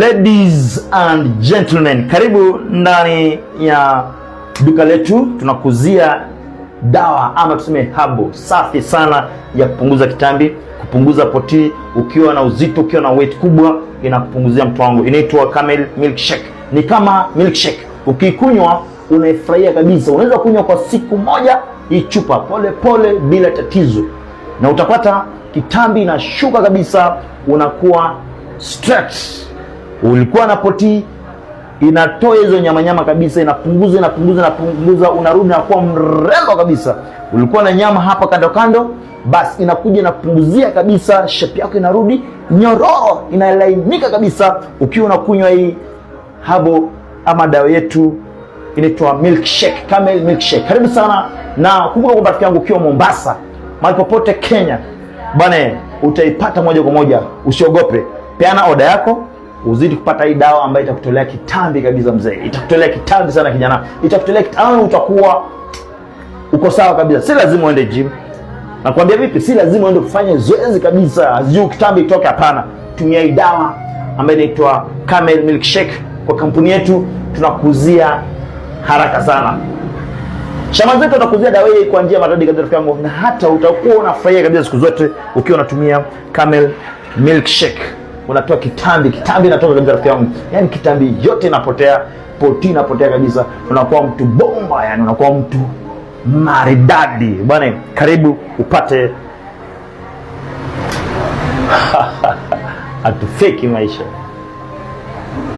Ladies and gentlemen, karibu ndani ya duka letu. Tunakuzia dawa ama tuseme habo safi sana ya kupunguza kitambi, kupunguza poti. Ukiwa na uzito, ukiwa na weight kubwa, inakupunguzia mtu wangu. Inaitwa Camel Milkshake, ni kama milkshake. Ukikunywa unaifurahia kabisa. Unaweza kunywa kwa siku moja hii chupa pole pole, bila tatizo, na utapata kitambi inashuka kabisa, unakuwa stretch. Ulikuwa poti inatoa hizo nyamanyama kabisa, inapunguza inapunguza inapunguza, unarudi na kuwa mrembo kabisa. Ulikuwa na nyama hapa kando kando, basi inakuja inapunguzia kabisa, shape yako inarudi nyororo, inalainika kabisa, ukiwa unakunywa hii habo ama dawa yetu inaitwa milkshake, Camel milkshake. Karibu sana na kumbuka kwamba rafiki yangu, ukiwa Mombasa, mahali popote Kenya bane, utaipata moja kwa moja, usiogope peana oda yako uzidi kupata hii dawa ambayo itakutolea kitambi kabisa mzee, itakutolea kitambi sana kijana, itakutolea kitambi, utakuwa uko sawa kabisa. Si lazima uende gym, nakwambia vipi, si lazima uende kufanya zoezi kabisa, juu kitambi itoke. Hapana, tumia hii dawa ambayo inaitwa Camel Milkshake. Kwa kampuni yetu tunakuzia haraka sana, shamba zetu tunakuzia dawa hii kwa njia maradi kabisa, rafiki yangu, na hata utakuwa unafurahia kabisa siku zote ukiwa unatumia Camel Milkshake unatoa kitambi, kitambi inatoka kabisa, rafiki yangu, yani kitambi yote inapotea, poti inapotea kabisa, unakuwa mtu bomba, yani unakuwa mtu maridadi. Bwana, karibu upate hatufeki maisha.